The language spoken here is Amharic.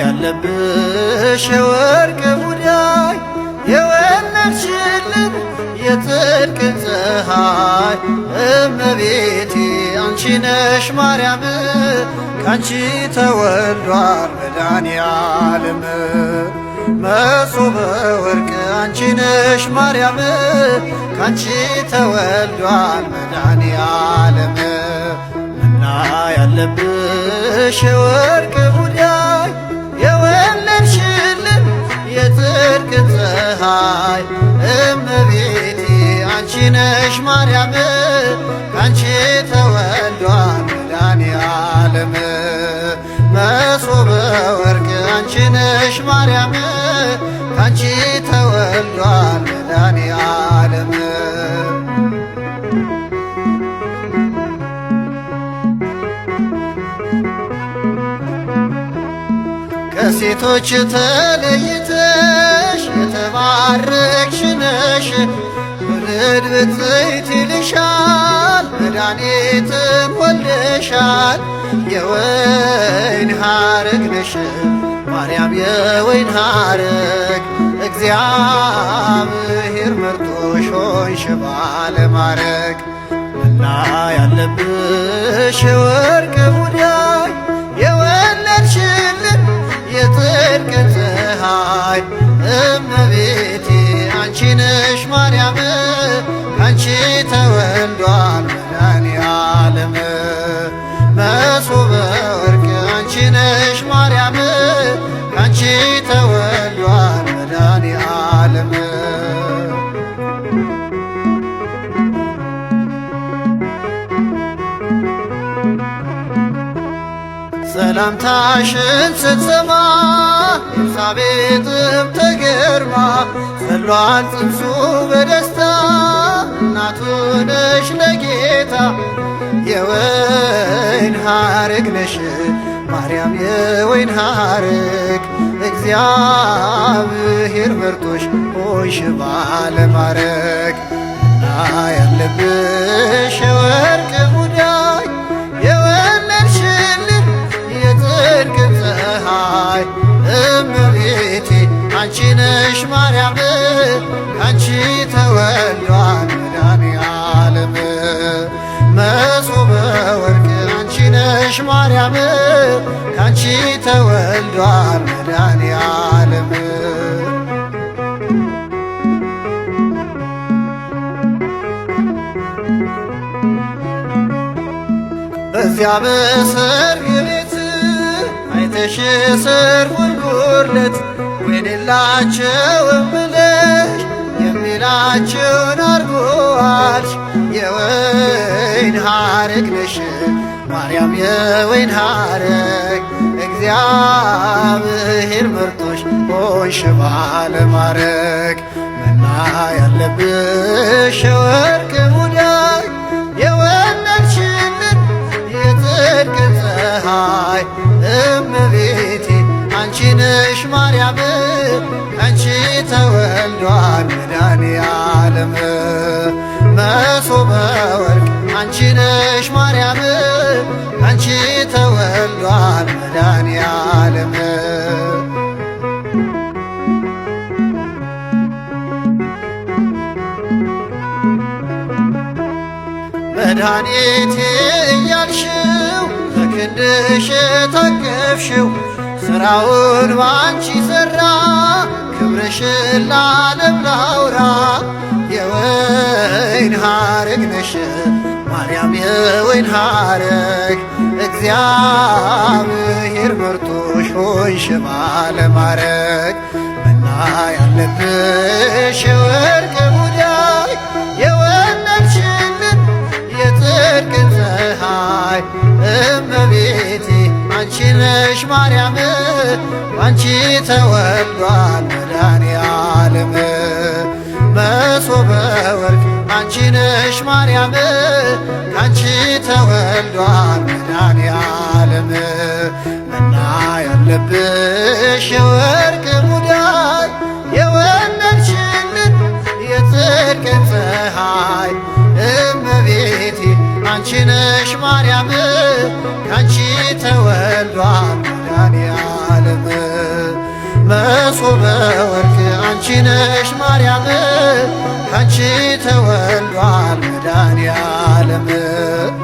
ያለብሽ የወርቅ ሙዳይ የወለድሽልን የጽድቅን ፀሐይ እመቤቴ አንቺ ነሽ ማርያም ካንቺ ተወልዷል መዳን ዓለም መሶበ ወርቅ አንቺ ነሽ ማርያም ካንቺ ተወልዷል መዳን ዓለም እና ያለብሽ ወርቅ ጉዳይ የወለድሽልን የጽድቅ ፀሐይ እመቤቴ አንቺ ነሽ ማርያም ዓለም መሶበ ወርቅ አንቺ ነሽ ማርያም ካንቺ ተወልዷል መዳኔ ዓለም ከሴቶች ተለይተሽ የተባረክሽ ነሽ ውልድ ብፅዕት ይልሻል መድኃኒትን ወልደሻል የወይን ሐረግ ነሽ ማርያም የወይን ሐረግ እግዚአብሔር መርጦሽ ሆንሽ ባለ ማረግ መና ያለብሽ የወርቅ ሙዳይ የወለድሽልን የጽድቅ ፀሐይ እመቤቴ አንቺ ነሽ ማርያም ሰላምታሽን ስትሰማ ኤልሳቤጥም ተገርማ ጸሏል ጽንሱ በደስታ እናቱ ነሽ ለጌታ የወይን ሐረግ ነሽ ማርያም የወይን ሐረግ እግዚአብሔር መርጦሽ ሆንሽ ባለማረግ ና ያለብሽ የወርቅ አንቺ ነሽ ማርያም ከአንቺ ተወልዷል መድኃኒዓለም መሶበ ወርቅ አንቺ ነሽ ማርያም ከአንቺ ተወልዷል መድኃኒዓለም በዚያ በሰርግ ቤት አይተሽ ሰርጉን የላቸውም ብለሽ የሚላችሁን አርጓል። የወይን ሐረግ ነሽ ማርያም የወይን ሐረግ እግዚአብሔር መርጦሽ ሆንሽ ባለማረግ መድኃኒቴ እያልሽው በክንድሽ ታቀፍሽው ሥራውን ባንቺ ሠራ ክብርሽን ለዓለም ላውራ የወይን ሐረግ ነሽ ማርያም የወይን ሐረግ እግዚአብሔር መርጦሽ ሆንሽ ባለማረግ እና ያለብሽ ወርቅ ባንቺ ተወዷል መድኃኔ ዓለም መሶበ ወርቅ አንቺ ነሽ ማርያም ካንቺ ተወልዷል መድኃኔ ዓለም መና ያለብሽ የወርቅ ሙዳይ የወለድሽልን የጽድቅን ፀሐይ እመቤቴ አንቺ ነሽ ማርያም ካንቺ ተወልዷል ያለም